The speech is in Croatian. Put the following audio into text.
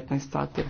15 sati.